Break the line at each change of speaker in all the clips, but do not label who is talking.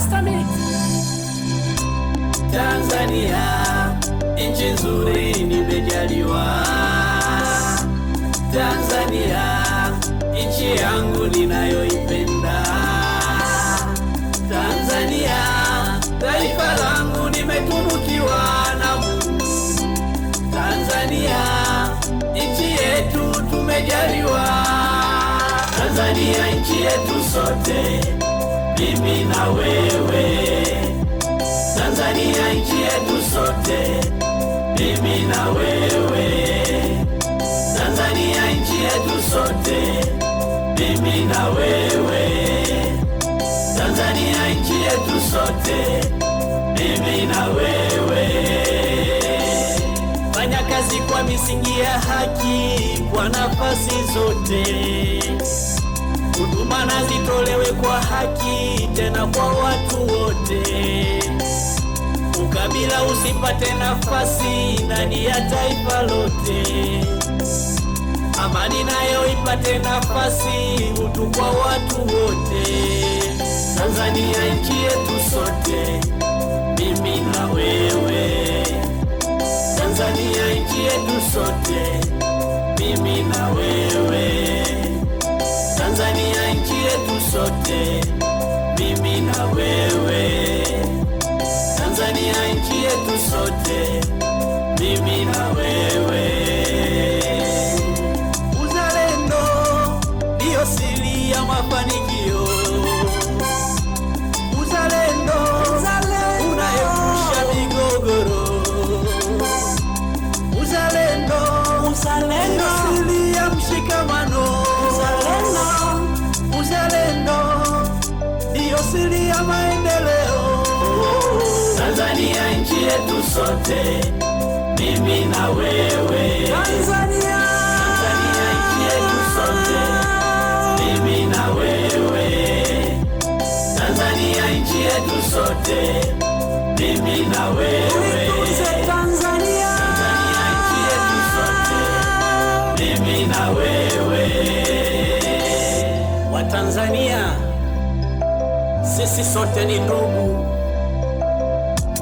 Astamilk.
Tanzania nchi nzuri nimejaliwa, Tanzania nchi yangu ninayoipenda, Tanzania taifa langu nimetunukiwa na Mungu, Tanzania nchi yetu tumejaliwa, Tanzania nchi yetu sote mimi na wewe, Tanzania nchi yetu sote, mimi na wewe, Tanzania nchi yetu sote, mimi na wewe, Tanzania nchi yetu sote, mimi na wewe. Fanya kazi kwa misingi ya haki kwa nafasi zote, huduma nazitolewa kwa haki, tena kwa watu wote. Ukabila usipate nafasi ndani ya taifa lote. Amani nayo ipate nafasi, utu kwa watu wote. Tanzania nchi yetu sote, mimi na wewe. Tanzania nchi yetu sote yeah. yetu sote, mimi na wewe. Tanzania, Tanzania Watanzania sisi sote ni ndugu.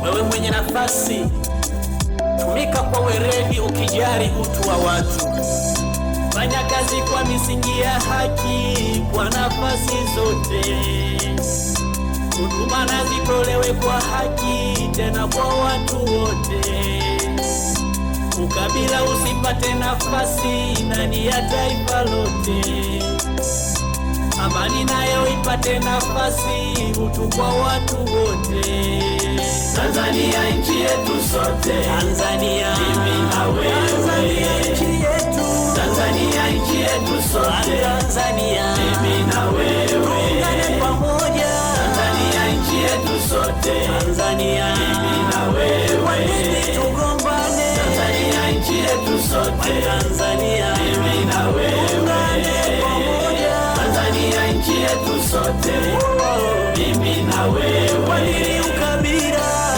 Wewe mwenye nafasi, tumika kwa weredi, ukijari utu wa watu. Fanya kazi kwa misingi ya haki, kwa nafasi zote. Huduma na zitolewe kwa haki, tena kwa watu wote. Ukabila usipate nafasi ndani ya taifa lote amani nayo ipate nafasi, utu kwa watu wote. Tanzania nchi yetu sote, Tanzania mimi na wewe, Tanzania nchi yetu, Tanzania nchi yetu sote, Tanzania mimi na wewe, tuungane pamoja, Tanzania nchi yetu sote, Tanzania mimi na wewe, kwa nini tugombane? Tanzania nchi yetu sote, Tanzania mimi na wewe yetu sote, mimi na wewe,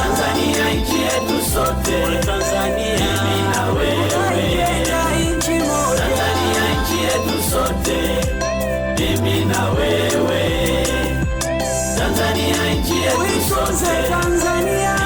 Tanzania nchi yetu sote, mimi na wewe, Tanzania nchi yetu sote, mimi na wewe, Tanzania nchi yetu sote